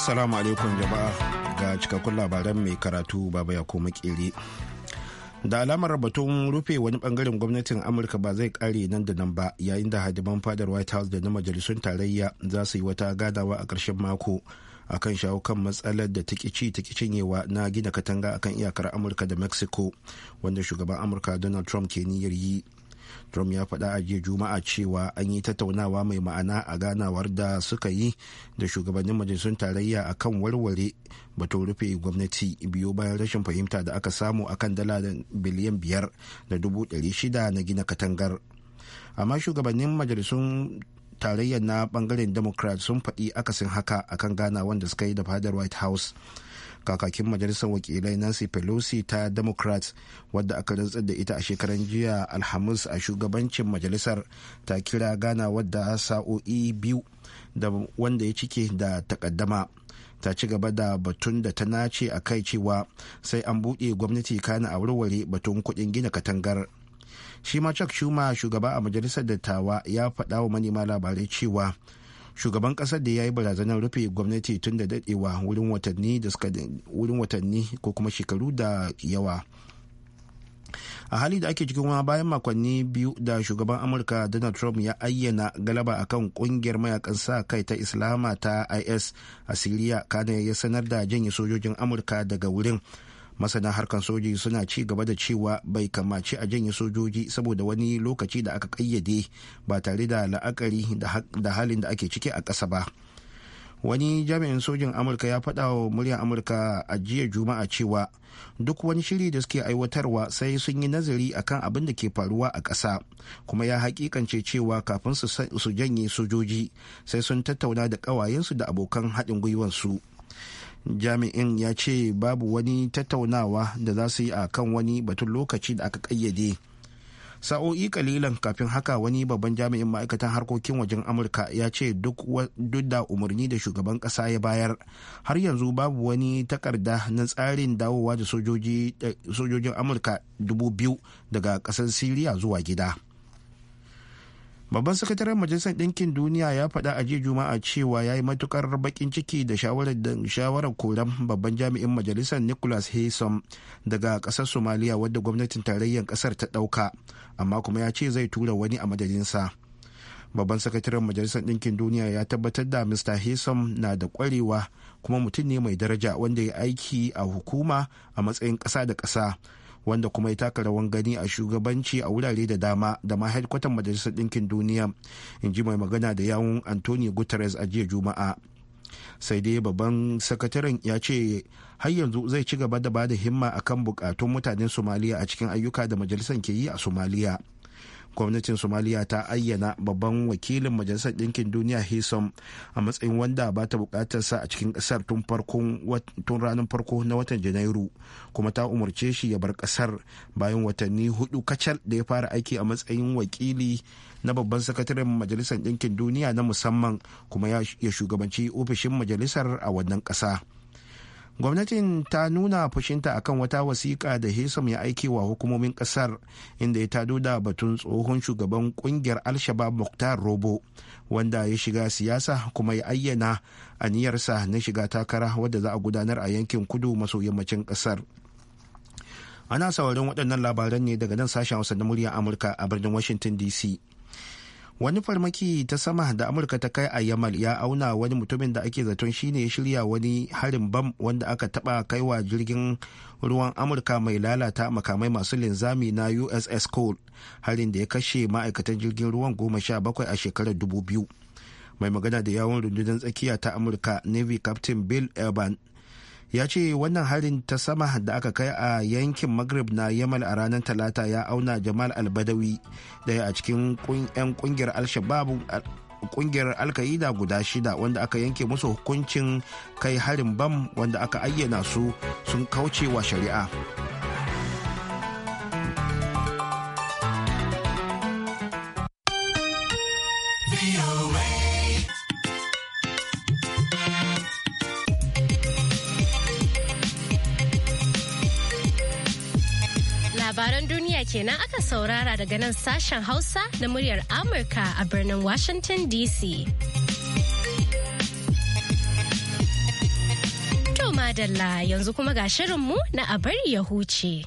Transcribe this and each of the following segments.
Assalamu alaikum jama'a ga cikakkun labaran mai karatu baba ya koma kere. Da alamar batun rufe wani bangaren gwamnatin Amurka ba zai kare nan da nan ba yayin da hadiman fadar White House da na majalisun tarayya za su yi wata gadawa a ƙarshen mako a kan shawo kan matsalar da tikici cinyewa na gina katanga akan iyakar Amurka da Mexico wanda shugaban Amurka Donald Trump ke niyyar yi. trump ya faɗa a jiya juma'a cewa an yi tattaunawa mai ma'ana a ganawar da suka yi da shugabannin majalisun tarayya a kan warware batun rufe gwamnati biyu bayan rashin fahimta da aka samu a kan dala biliyan biyar da dubu ɗari shida na gina katangar amma shugabannin majalisun tarayya na bangaren democrat sun faɗi akasin haka akan ganawar da suka yi da fadar white house kakakin majalisar wakilai nancy pelosi ta democrat wadda aka rantsar da ita a shekaran jiya alhamis a shugabancin majalisar ta kira gana wadda sa'o'i biyu da wanda ya cike da takaddama ta ci gaba da batun da ta nace a kai cewa sai an buɗe gwamnati kana a warware batun kuɗin gina katangar shi ma chuck shuma shugaba a majalisar dattawa ya faɗa wa manema labarai cewa shugaban kasar da ya yi barazanar rufe gwamnati tun da dadewa wurin watanni da ko kuma shekaru da yawa a hali da ake cikin wani bayan makonni biyu da shugaban amurka donald trump ya ayyana galaba akan kungiyar mayakan sa kai ta islama ta is a siriya kana ya sanar da janye sojojin amurka daga wurin masana harkar sojoji suna ci gaba da cewa bai kamaci a janye sojoji saboda wani lokaci da aka kayyade ba tare da la'akari da halin da ake ciki a ƙasa ba wani jami'in sojin amurka ya faɗa wa muryar amurka a jiya juma'a cewa duk wani shiri da suke aiwatarwa sai sun yi nazari akan abin da ke faruwa a ƙasa kuma ya haƙiƙance cewa kafin su janye sojoji sai sun tattauna da ƙawayensu da abokan haɗin gwiwansu jami'in ya ce babu wani tattaunawa da za su yi a kan wani batun lokaci da aka ƙayyade sa'o'i kalilan kafin haka wani babban jami'in ma'aikatan harkokin wajen amurka ya ce duk da umarni da shugaban ƙasa ya bayar har yanzu babu wani takarda na tsarin dawowa da eh, sojojin amurka dubu biyu daga ƙasar siriya zuwa gida. babban sakataren majalisar ɗinkin duniya ya faɗa a jiya juma'a cewa ya yi matukar bakin ciki da shawarar koran babban jami'in majalisar nicholas haysom daga ƙasar somalia wadda gwamnatin tarayyar ƙasar ta ɗauka amma kuma ya ce zai tura wani a madadinsa babban sakataren majalisar ɗinkin duniya ya tabbatar da mr haysom na da kwarewa kuma mutum ne mai daraja wanda ya aiki a hukuma a matsayin ƙasa da ƙasa wanda kuma ya taka rawan gani a shugabanci a wurare da dama da ma hedkwatan majalisar ɗinkin duniya in ji mai magana da yawun antonio guterres a jiya juma'a sai dai babban sakataren ya ce har yanzu zai ci gaba da bada himma akan bukatun mutanen somaliya a cikin ayyuka da majalisar ke yi a somaliya gwamnatin somaliya ta ayyana babban wakilin majalisar ɗinkin duniya hisom a matsayin wanda ba ta buƙatar sa a cikin ƙasar tun ranar farko na watan janairu kuma ta umarce shi ya bar ƙasar bayan watanni hudu kacal da ya fara aiki a matsayin wakili na babban sakataren majalisar ɗinkin duniya na musamman kuma ya shugabanci ofishin majalisar a wannan ƙasa. gwamnatin ta nuna fushinta akan wata wasiƙa da hesam ya aike wa hukumomin ƙasar inda ya tado da batun tsohon shugaban ƙungiyar alshabab muktar robo wanda ya shiga siyasa kuma ya ayyana aniyarsa na shiga takara wadda za a gudanar a yankin kudu maso yammacin ƙasar ana saurin waɗannan labaran ne daga nan sashen hausa na muryar amurka a birnin washington dc wani farmaki ta sama da amurka ta kai a yamal ya auna wani mutumin da ake zaton shine ya shirya wani harin bam wanda aka taba kaiwa jirgin ruwan amurka mai lalata makamai masu linzami na uss cole harin da ya kashe ma'aikatan jirgin ruwan goma sha bakwai a shekarar dubu biyu mai magana da yawon rundunar tsakiya ta amurka navy captain bill evans ya ce wannan harin ta sama da aka kai a yankin maghrib na yamal a ranar talata ya auna jamal albadawi daya a cikin 'yan kungiyar al kungiyar alkaida guda shida wanda aka yanke musu hukuncin kai harin bam wanda aka ayyana su sun kauce wa shari'a duniya kenan aka saurara daga nan sashen Hausa na muryar Amurka a birnin Washington DC. To madalla yanzu kuma ga shirinmu na abar bari ya huce.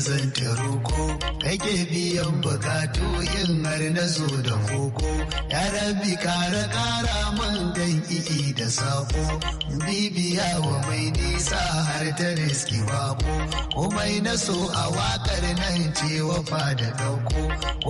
zan ko roko kake biyan bukatu yin har na zo da koko ya rabi kara kara man dan iki da sako bibiya wa mai nisa wakar ta riski bako umai na so a wakar nan ce wafa da dauko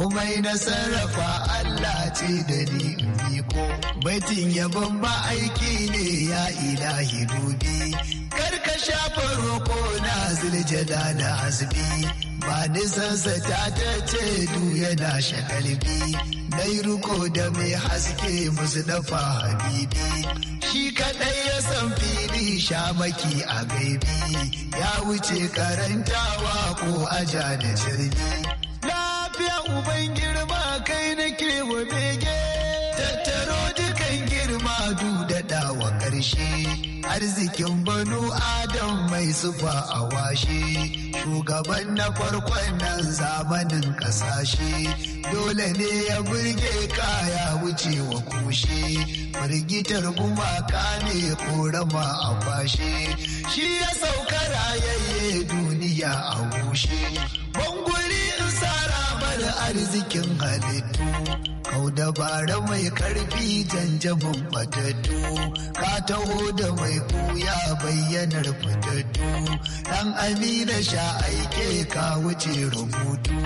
umai na sarrafa Allah ce da ni miko baitin yabon ba aiki ne ya ilahi dubi karka shafa roko na ziljada da azbi ba nisansa ta ta ce du yana shakalbi na yi ruko da mai haske musu dafa habibi shi kaɗai ya san fili shamaki a gaibi ya wuce karantawa ko aja da jirgi lafiya uban girma kai na wa bege tattaro dukan girma du wa ƙarshe arzikin banu adam mai sufa a washe shugaban na farkon nan zamanin kasashe dole ne ya burge kaya wuce wa kushe firgitar gumaka ne korama a kwashe shi ya sauka rayayye duniya a gushe bangwari in sara bar arzikin halittu Kau dabara mai karfi janjabin fatattu, ka taho da mai kuya bayyanar fatattu, ɗan amina sha aike ka wuce rubutu,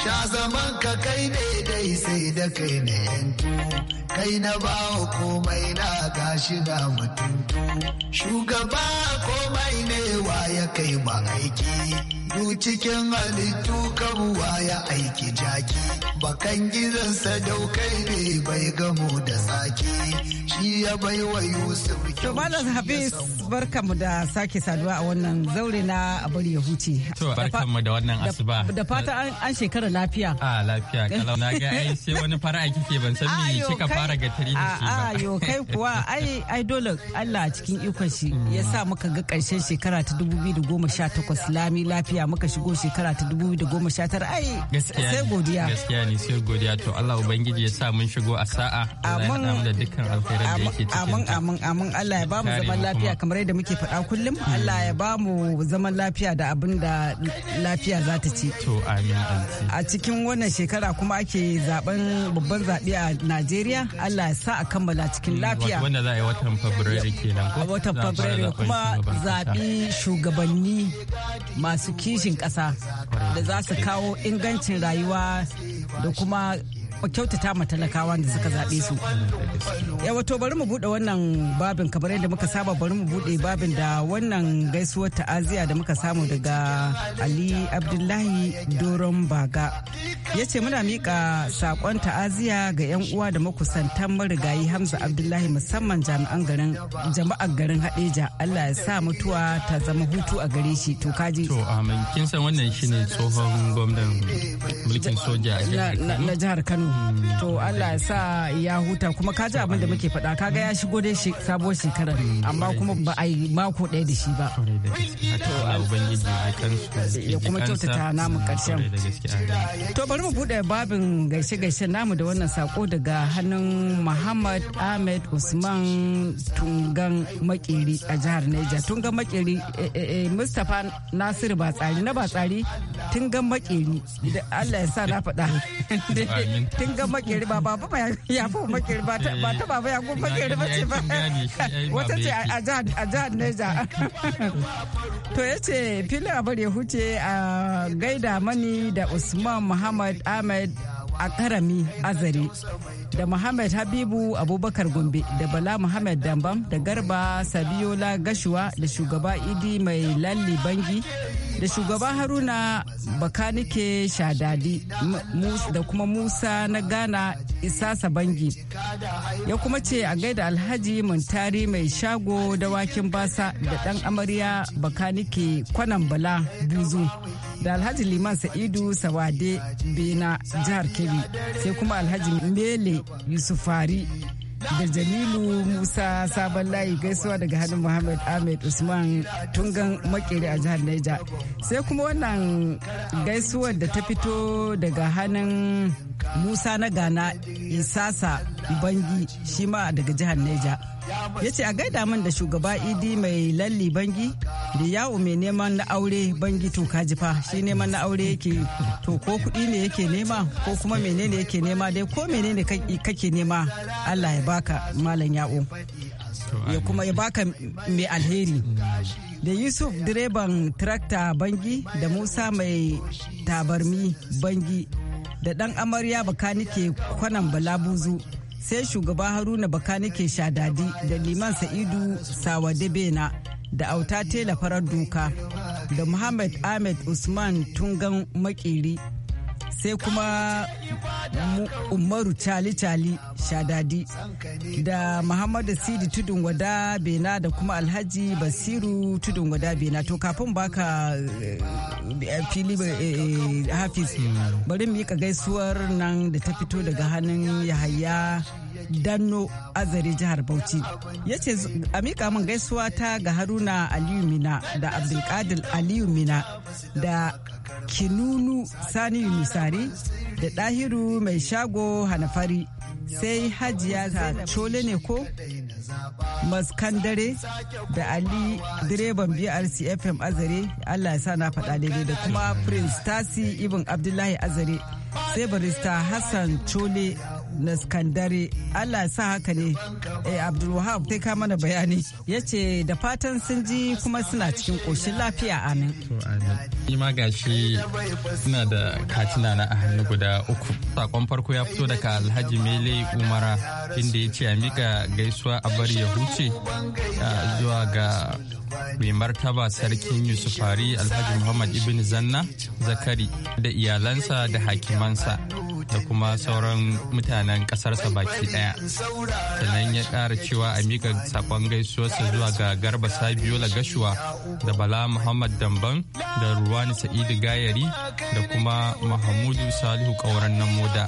sha zaman ka kai dai sai da kai na yantu. kai na bawa komai na gashi na mutuntu shugaba komai ne wa ya kai ma aiki du cikin halittu kabuwa ya aiki jaki bakan gizansa dau kai ne bai gamo da tsaki shi ya bai wa Yusuf kyau. Malam Hafiz barkamu da sake saduwa a wannan zaure na abar ya huce. To barkamu da wannan asuba. Da fata an shekara lafiya. A lafiya kalau na ga ai sai wani fara kike ban san me kika fara gatari da shi ba. yo kai kuwa ai ai dole Allah cikin ikon shi mm. ya sa muka ga karshen shekara ta 2018 lami lafiya muka shigo shekara ta 2019 ai sai godiya. Gaskiya ne sai godiya to Allah ubangiji ya sa mun shigo a sa'a. Amin. Da dukkan alkhairai amin amin amin Allah ya bamu zaman lafiya kamar yadda muke faɗa kullum Allah ya bamu zaman lafiya da abin da lafiya za ta ci to amin a cikin wannan shekara kuma ake zaben babban zaɓe a Najeriya Allah ya sa a kammala cikin hmm, lafiya wanda za a yi watan Fabrairu kenan a watan Fabrairu kuma zaɓi shugabanni masu kishin ƙasa da za su kawo ingancin rayuwa da kuma kyautata ma talakawa da suka zaɓe su yawa to bari mu buɗe wannan babin kamar yadda muka saba bari mu buɗe babin da wannan gaisuwar ta'aziya da muka samu daga ali abdullahi doron baga ya ce muna miƙa saƙon ta'aziya ga 'yan uwa da makusantan marigayi hamza abdullahi musamman jami'an garin jama'ar garin hadeja allah ya sa mutuwa ta zama hutu a gare shi to kaji to amin kin san wannan shine tsohon gwamnan mulkin soja na jihar kano to Allah ya sa ya huta kuma ka ji abin da muke faɗa kaga ya shigo dai sabuwar shekarar amma kuma ba a yi mako ɗaya da shi ba ya kuma kyautata namu karshen to bari mu buɗe babin gaishe-gaishe namu da wannan sako daga hannun Muhammad Ahmed Usman Tungan Makiri a jihar Niger. Tungan Makeri eh, eh, eh, Mustapha Nasiru tsari na tsari Tungan Makiri da Allah ya sa na faɗa kin ga makeri baba ba ya fi makeri ba ta baba ya makeri ce ba wata ce a jihar Neja. To yace ce filin abar ya huce a gaida mani da Usman Muhammad Ahmed a karami azari da Muhammad Habibu Abubakar Gombe da Bala Muhammad Dambam da Garba Sabiola Gashuwa da shugaba Idi mai lalli bangi da shugaba haruna bakanike shadadi da kuma musa na ghana isasa bangi ya kuma ce a gaida alhaji muntari mai shago da wakin basa da dan amarya bakanike kwanan bala buzu da alhaji liman sa'idu sawade bena jihar kebbi sai kuma alhaji mele yusufari da Jamilu Musa Sabon Layi gaisuwa daga hannun Muhammad Ahmed Usman Tungan Makere a jihar naija Sai kuma wannan gaisuwar da ta fito daga hannun Musa na gana Isasa Bangi shima daga jihar neja. ya ce a gaida min da shugaba idi mai lalli bangi da yawo mai neman na aure bangi to kaji fa shi neman na aure yake to ko kuɗi ne yake nema ko kuma menene yake nema dai ko menene kake nema allah ya baka malam yawo ya kuma ya baka mai alheri da yusuf direban trakta bangi da musa mai tabarmi bangi da dan amarya bakanike kwanan balabuzu sai shugaba haruna bakanike shadadi da liman sa'idu sawadebena da auta tela farar doka da muhammad ahmed usman tungan makeri sai kuma umaru cali-cali shadadi da muhammadu sidi tudun wada bena da kuma alhaji basiru tudun wada bena to kafin baka eh, fili eh, eh, hafiz bari mu yi ka gaisuwar nan da ta fito daga hannun yahaya danno azari jihar bauchi ya ce a mika min gaisuwa ta ga haruna aliyu mina da abdulkadir aliyu mina da kinunu sani yunusari da ɗahiru mai shago hanafari sai hajiya ta cole ne ko maskandare da ali direban brc fm azare allah ya sa na faɗa daidai da kuma prince tasi ibn abdullahi azare sai barista hassan cole naskandare allah sa haka ne eh, abdulwahab sai ka mana bayani ya ce da fatan sun ji kuma suna cikin ƙoshin lafiya amin ni ma gashi suna da katina na a hannu guda uku sakon farko ya fito daga alhaji mele umara inda ya ce a mika gaisuwa a bari ya huce zuwa ga mai martaba sarkin yusufari alhaji muhammad ibn zanna zakari da iyalansa da hakimansa da kuma sauran mutane mutanen ƙasarsa baki ɗaya. Sannan ya ƙara cewa a miƙa saƙon gaisuwarsa zuwa ga Garba Sabiola Gashuwa da Bala Muhammad Damban da Ruwani Sa'idu Gayari da kuma Mahamudu Salihu Ƙauran nan Moda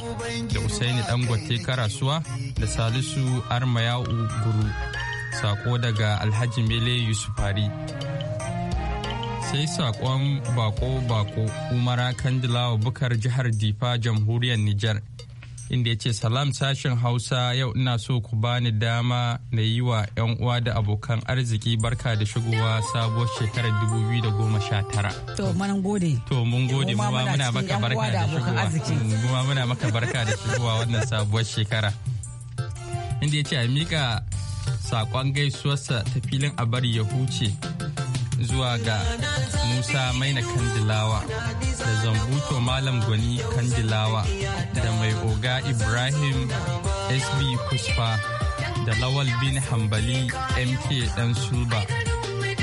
da Usaini Dangote Karasuwa da Salisu Armayau Guru. Sako daga Alhaji Mele Yusufari. sai sakon bako bako umara kandilawa bukar jihar difa jamhuriyar niger inda ya ce salam sashen hausa yau ina so ku bani dama na yi wa 'yan uwa da abokan arziki barka da shigowa sabuwar shekarar 2019 to manan gode to mun gode mu muna maka barka da shigowa mm, mu muna maka barka da shigowa wannan sabuwar shekara inda ya ce a mika sakon gaisuwarsa ta filin a bari ya huce zuwa ga Musa Maina Kandilawa da Zambuto Malam Gwani Kandilawa da mai oga Ibrahim SB Kuspa da Lawal bin Hambali MK Dan Suba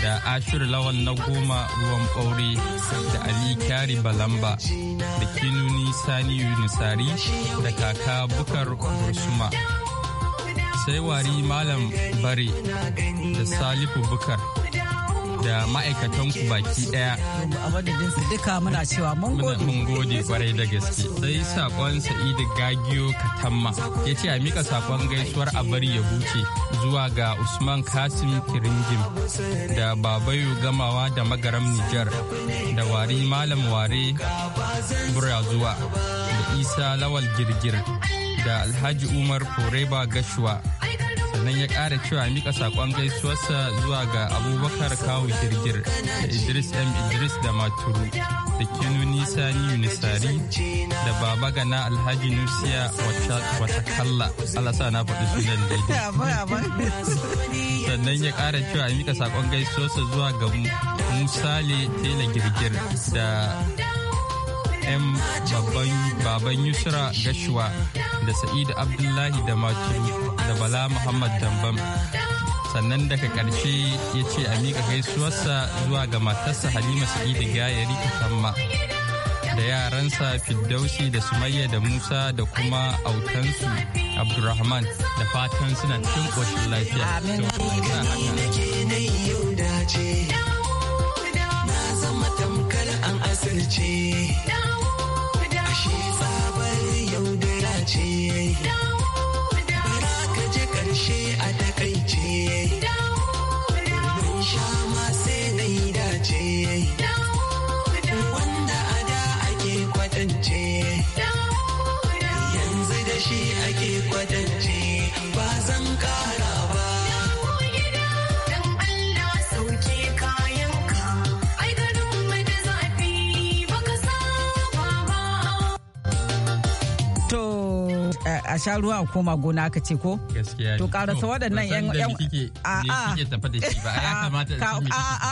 da Ashir Lawal na goma ruwan ɓaure da Ali Kyari Balamba da Kinuni Sani Yunusari da kaka Bukar Bursuma. sai wari malam Bari da salifu bukar da ma'aikatan ku baki daya. mun gode. kwarai da gaske. Sai sakon Sa'idu Gagiyo Katamma ya ce a mika sakon gaisuwar a bari ya huce zuwa ga Usman Kasim Kiringim da Babayu Gamawa da Magaram Nijar da Wari Malam Ware zuwa da Isa Lawal Girgir da Alhaji Umar Koreba Gashuwa. sannan ya ƙara cewa mika saƙon gaisuwarsa zuwa ga abubakar kawo girgir da idris m idris da maturu da kinu ni unisari da baba gana alhaji nusiya wata kalla alasa na faɗi sunan daidai sannan ya ƙara cewa mika saƙon gaisuwarsa zuwa ga musale tela girgir da m baban yusra gashuwa da sa'idu abdullahi da maturu da Bala Muhammad Dambam. Sannan daga ƙarshe ya ce a miƙa gaisuwarsa zuwa ga matarsa Halima Sa'idu Gayari Kasamma. Da yaransa Fiddausi da Sumayya da Musa da kuma autansu Abdulrahman da fatan suna cikin ƙoshin lafiya. Amin. zama tamkar an asirce. a sha ruwa a koma gona aka ce ko gaskiya to karasa waɗannan yan a a a a a da shi ba ya kamata ka a a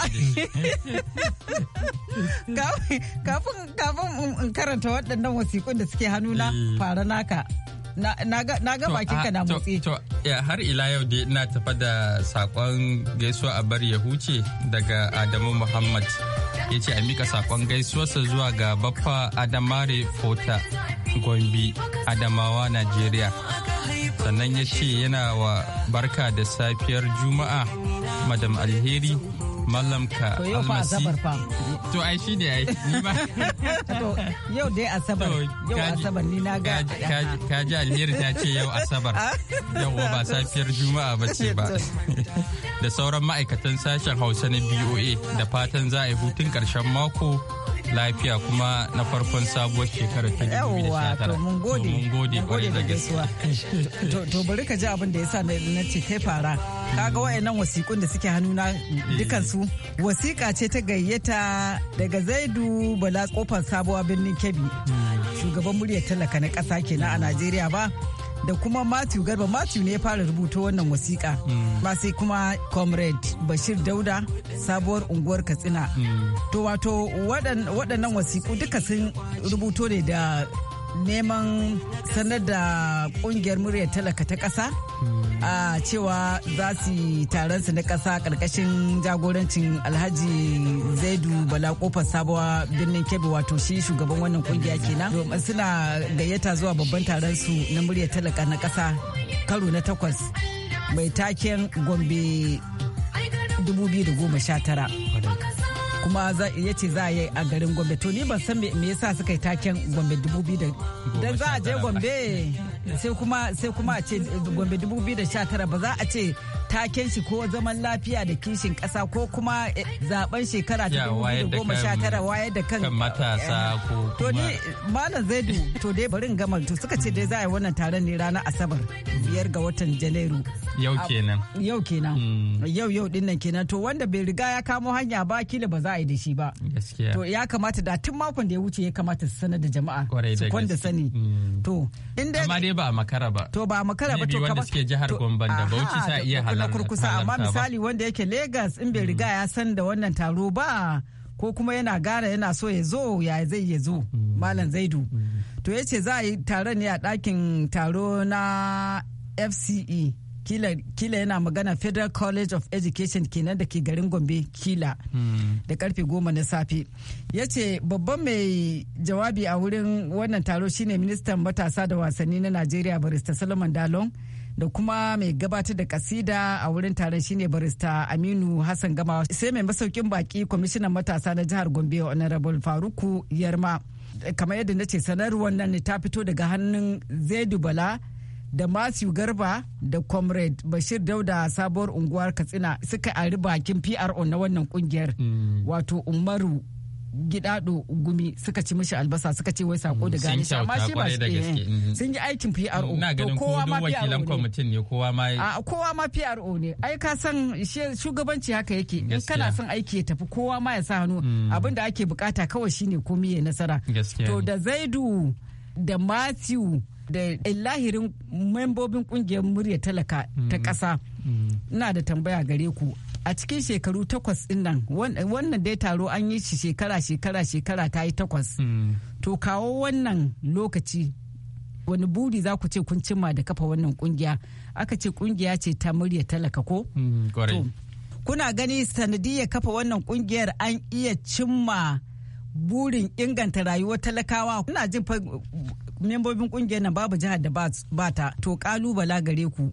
kafin kafin in karanta waɗannan wasiƙun da suke hannuna eh. fara naka na ga bakin ka na motsi. To, har ila yau dai ina tafa da sakon gaisuwa a bar ya huce daga Adamu Muhammad. Ya ce a mika sakon gaisuwarsa zuwa ga Baffa Adamare Fota Gombe, Adamawa, Najeriya. Sannan ya ce yana wa barka da safiyar Juma'a, Madam Alheri, Mallam ka almasi. To ai shi ne ai, ni ba. Yau dai Asabar, yau Asabar ni na ga. Kaji Alheri ta ce yau Asabar, yau ba safiyar Juma'a ba ce ba. Da sauran ma'aikatan sashen Hausa na BOA da fatan za a yi hutun ƙarshen mako lafiya kuma na farkon sabuwar shekarar ta 2019 yawwa to mun gode mun gode da gaisuwa to bari ka ji abin da sa na ce kai fara kaga wayannan wasikun da suke hannuna mm. dukan su wasiƙa ce ta gayyata daga Zaidu Bala kofar sabuwa birnin Kebbi mm. shugaban muryar talaka na ƙasa kenan a Najeriya ba da kuma Matthew Garba Matthew ne ya fara rubuta wannan wasiƙa mm. ba sai kuma comrade Bashir Dauda sabuwar unguwar Katsina mm. to wato waɗannan wasiƙu duka sun rubuto ne da neman sanar da kungiyar muryar talaka ta ƙasa a cewa za su yi taron su na kasa ƙarƙashin jagorancin alhaji zaidu bala kofar sabuwa birnin kebbi wato shi shugaban wannan kungiya kenan suna gayyata zuwa babban taron su na muryar talaka na ƙasa karo na takwas mai taken gombe 2019 kuma ya ce za a yi a garin gombe to ni ban san me yasa suka yi taken gombe 2000 dan za a je gombe sai kuma sai kuma a ce eh, gombe 2019 ba za a ce taken shi ko zaman lafiya da kishin kasa ko kuma eh, zaben shekara ta 2019 wayar da kan matasa eh, ko to ni malam zaidu to dai bari in gama to suka ce dai za a yi wannan taron ne ranar asabar biyar ga watan janairu yau kenan yau kenan hmm. yau yau dinnan kenan to wanda bai riga ya kamo hanya ba kila ba za a yi da shi ba to ya kamata da tun makon da ya wuce ya kamata su sanar da jama'a su kwanda sani hmm. to in dai dai ba makara ba to ba makara ba to wanda suke jihar Gombe da Bauchi sa iya halarta kurkusa amma misali wanda yake Lagos in bai riga ya san da wannan taro ba ko kuma yana gara yana so ya zo ya zai ya zo malam zaidu to yace za a yi taron ne a ɗakin taro na FCE kila, kila yana magana federal college of education kenan da ke garin gombe kila da karfe goma na safe ya ce babban mai jawabi a wurin wannan taro shine ministan matasa da wasanni na najeriya barista solomon dalon da kuma mai gabatar da kasida a wurin taron shine barista aminu hassan gama sai mai masaukin baki kwamishinan matasa na jihar gombe honorable faruku yarma kamar yadda na ce sanarwar nan ta fito daga hannun zaidu bala da Matthew Garba da Comrade Bashir Dauda sabuwar unguwar Katsina suka ari bakin PRO na wannan kungiyar mm. wato Umaru gidado gumi suka ci mishi albasa suka ce wai sako mm, da gani amma shi ba shi eh, mm. sun yi aikin PRO to kowa ma PRO ne kowa ma a kowa ma PRO ne ai ka san shugabanci haka yake in kana son aiki ya tafi kowa ma ya sa hannu abinda ake bukata kawai shine komai ya nasara to da Zaidu da Matthew da eh, lahirin membobin kungiyar murya talaka ta kasa mm. mm. ina da tambaya gare ku a cikin shekaru takwas din nan wannan dai taro an yi shi shekara shekara shekara ta yi takwas mm. to kawo wannan lokaci wani buri za ku ce kun cimma da kafa wannan kungiya aka ce kungiya ce ta murya talaka ko kuna gani sanadiyar kafa wannan kungiyar an iya cimma burin inganta rayuwar talakawa kuna jin membobin kungiyar nan babu jihar da ba ta to kalubala gare ku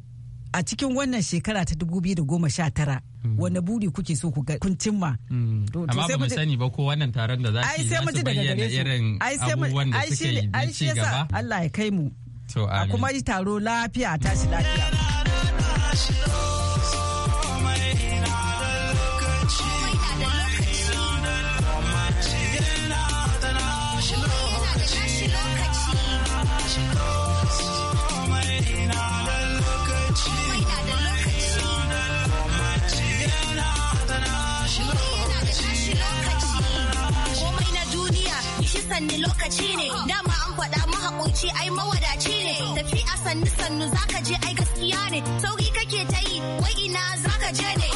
a cikin wannan shekara ta 2019 hmm. wanda buri kuke so ku kun cimma. Hmm. Amma ba mu sani ba ko wannan taron da za su bayyana irin abubuwan da suke yi na ci gaba. Allah ya kai mu. To, a kuma yi taro lafiya tashi lafiya. sanni lokaci ne dama an faɗa mahaƙoci ai mawadaci ne tafi a sanni sannu zaka je ai gaskiya ne sauri kake ta yi wai ina zaka je ne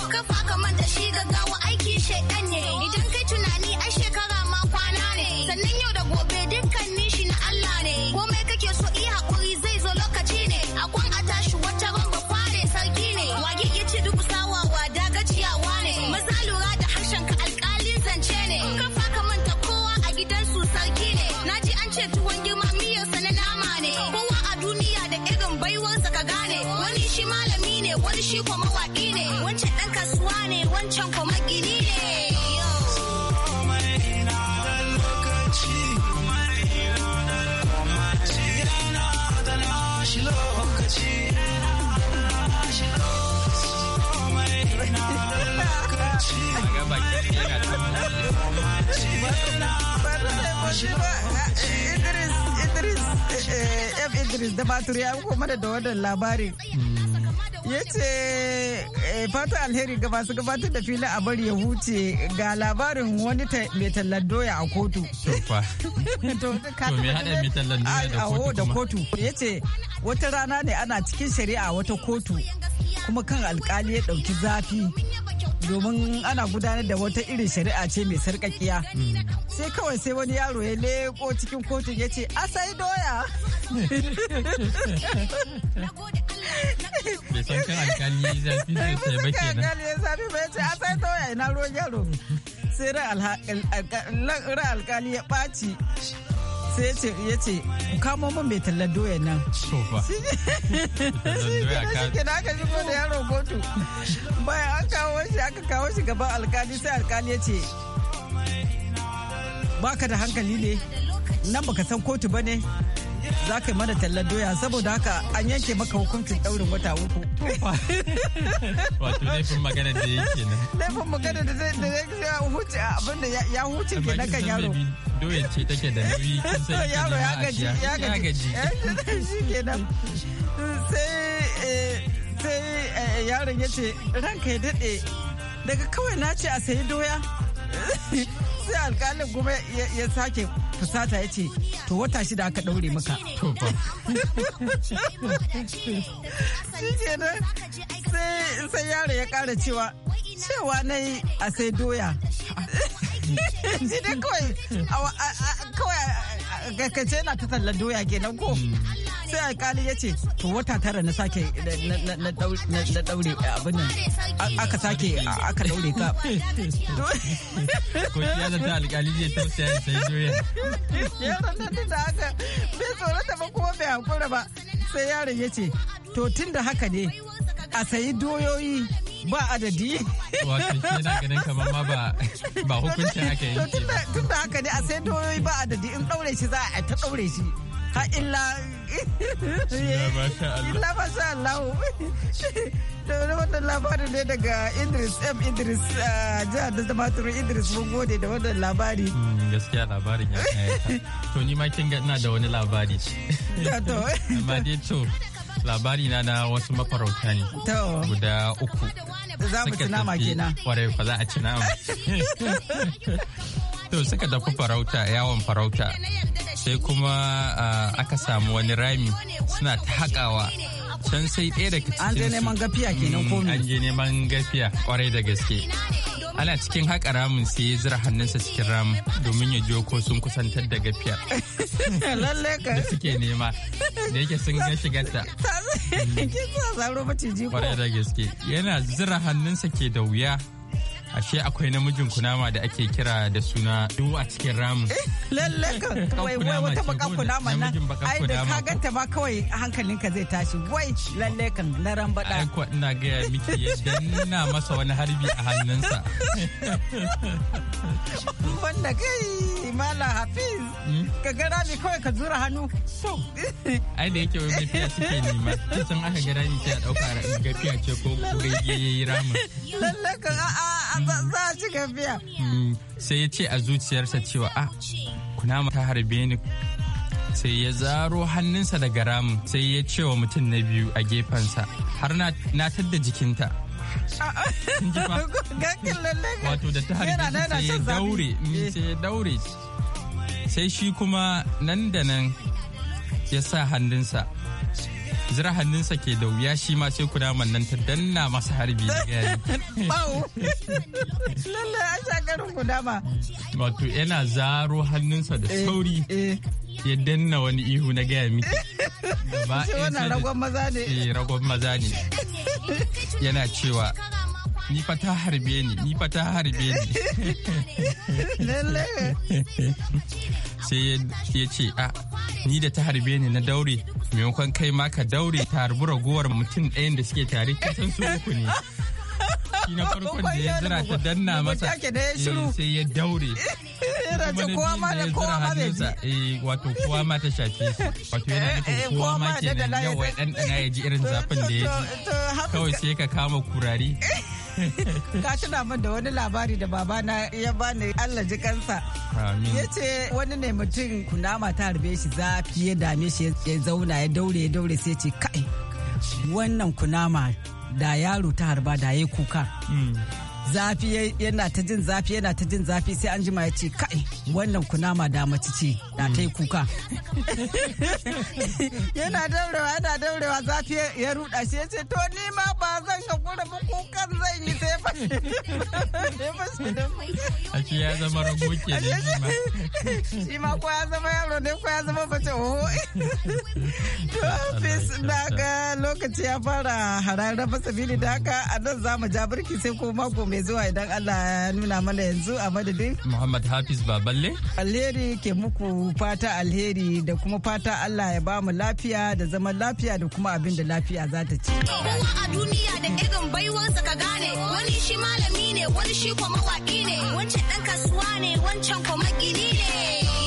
Idris da Batur ya yi mana da wannan labarin. Ya ce eh, fata alheri ga masu gabatar da filin a bari ya huce ga labarin wani mai tallar doya a kotu. To me to mai tallar da kotu Ya ce wata rana ne ana cikin shari'a wata kotu kuma kan alkali ya ɗauki zafi domin ana gudanar da wata irin shari'a ce mai sarƙaƙiya sai kawai sai wani yaro ya leko cikin kotun ya ce asai doya sai doya ruwan yaro sai ran alkali ya ɓaci sai ya ce ya ce kamo min mai tallar doya nan so ba shi ke da aka shigo da yaro kotu bayan an kawo shi aka kawo shi gaban alkali sai alkali ya ce baka da hankali ne nan baka san kotu ba ne za ka yi mana tallar doya saboda haka an yanke maka hukuncin daurin wata uku. Wato laifin magana da yake nan. Laifin magana da zai huce abinda ya huce ke na kan yaro. doyar ce take da nauyi yaro ya gaji ya gaji shi kenan sai eh, sai eh, yaron ya ce ranka ya daɗe daga kawai na ce a sayi doya sai alƙalin kuma ya sake fusata ya ce to wata shida aka ɗaure maka. Shi sai yaro ya ƙara cewa cewa na yi a sai doya. shi dai kawai kawai gaggace na ta tallar doya kenan ko sai alkali ya ce to wata tara na sake na daure eh, abin nan aka sake aka daure ka ko ya zata alkali ya tausaya sai doya yaron nan da haka bai tsorata ba kuma bai hakura ba sai yaron ya ce to tun da haka ne a sayi doyoyi ba adadi wato yana ganin kamar ma ba ba hukuncin aka yi tun da haka ne a sai doyoyi ba adadi in ɗaure shi za a ta ɗaure shi ha illa illa ba sha Allah da wannan labarin ne daga Idris M Idris uh, jihar da zama turu Idris mun gode da wannan labari hmm, gaskiya labarin ya ta. to ni ma kin ga ina da wani labari amma dai to labari na na wasu mafarauta ne guda uku za mu kwarai fa za a ci nama to suka tafi farauta yawon farauta sai kuma aka samu wani rami suna ta haƙawa can sai ɗaya daga cikin an je neman gafiya kenan komi mm, an je neman gafiya kwarai da gaske ana cikin haƙa ramin sai ya zira hannunsa cikin ramin domin ya jiyo ko sun kusantar da gafiyar da suke nema da yake sun ga shigarta kwarai da gaske yana zira hannunsa ke da wuya ashe akwai namijin kunama da ake kira da suna duwa a cikin ramin. Eh, lalle kawai wai wata baka kunama na ai da ka ganta ma kawai hankalinka zai tashi wai lalle kan laran bada. Ai ko ina gaya miki ya danna masa wani harbi a hannunsa. Wanda kai mala Hafiz hmm? ka ga rami kawai ka zura hannu. Ai da yake wai fiya suke nema kisan aka ga rami ke a ɗauka fiya ce ko kurege ya yi ramin. Lalle kan a'a za a ci gafiya mm, sai ya ce a zuciyarsa cewa a ah, kuna ta harbe ni sai ya zaro hannunsa daga ramin sai ya ce wa mutum na biyu a gefensa har na tadda jikinta wato da ta harbe mm, eh. sai ya daure sai ya daure sai shi kuma nan da nan ya sa hannunsa zira hannunsa ke da wuya shi ma sai kunaman nan ta danna masa harbi da yayi. Bawo! Lallai an sha karin kunama. Wato yana zaro hannunsa da eh, sauri. Eh. ya danna wani ihu na gaya miki. Ba wannan ragon maza ne. Eh ragon maza ne. Yana cewa ni fa ta harbe ni, ni fa ta harbe ni. sai ya ce a ah, ni da ta harbe ni na daure maimakon kai ma ka daure ta harbi ragowar mutum ɗayan da suke tare ka san su uku ne shi na farkon da ya zira ta danna masa eh, sai ya daure kowa ma da kowa ma bai ji eh, wato kowa ma ta shafe wato yana eh, nufin kowa ma ke kenan yawa ɗanɗana ya ji irin zafin da ya ji kawai sai ka kama kurare. ka tuna min da wani labari da babana ya bani Allah ji kansa ya ce wani ne mutum kunama ta harbe shi zafi ya dame shi ya zauna ya daure ya daure sai ce kai wannan kunama da yaro ta harba da hmm. ya kuka zafi yana ta jin zafi yana ta jin zafi sai an jima ya ce kai wannan kunama da mace ce da ta yi mm. kuka yana daurewa yana daurewa zafi ya ruda shi ya ce to ni ma ba zan ga kura ba kukan zai yi sai fashe a ce ya zama ne shi ma ko ya zama yaro ne ko ya zama oho to fis na ga lokaci ya fara ba fasabili da haka a nan za mu ja birki sai ko mako mai zuwa idan Allah ya nuna mana yanzu a madadin Muhammad Hafiz Baballe Alheri ke muku fata alheri da kuma fata Allah ya ba mu lafiya da zaman lafiya da kuma abin da lafiya za ta ci. Kowa a duniya da irin baiwarsa ka gane wani shi malami ne wani shi kuma mawaƙi ne wancan ɗan kasuwa ne wancan kuma ne.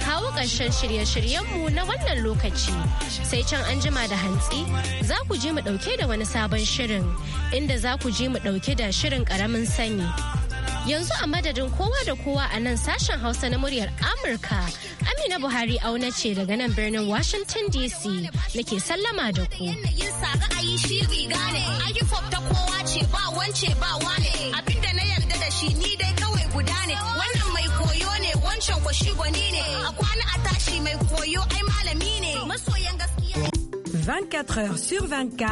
kawo ƙarshen shirye-shiryenmu na wannan lokaci. Sai can an jima da hantsi za ku ji mu ɗauke da wani sabon shirin inda za ku ji mu ɗauke da shirin ƙaramin sani. Yanzu a madadin kowa da kowa a nan sashen Hausa na muryar Amurka, Amina Buhari auna ce daga nan birnin Washington DC nake sallama da ku. Abinda na yarda da shi ni dai kawai guda ne. ko shi gwani ne atashi mai koyo ai malami ne masoyan gaskiya 24 heures sur 24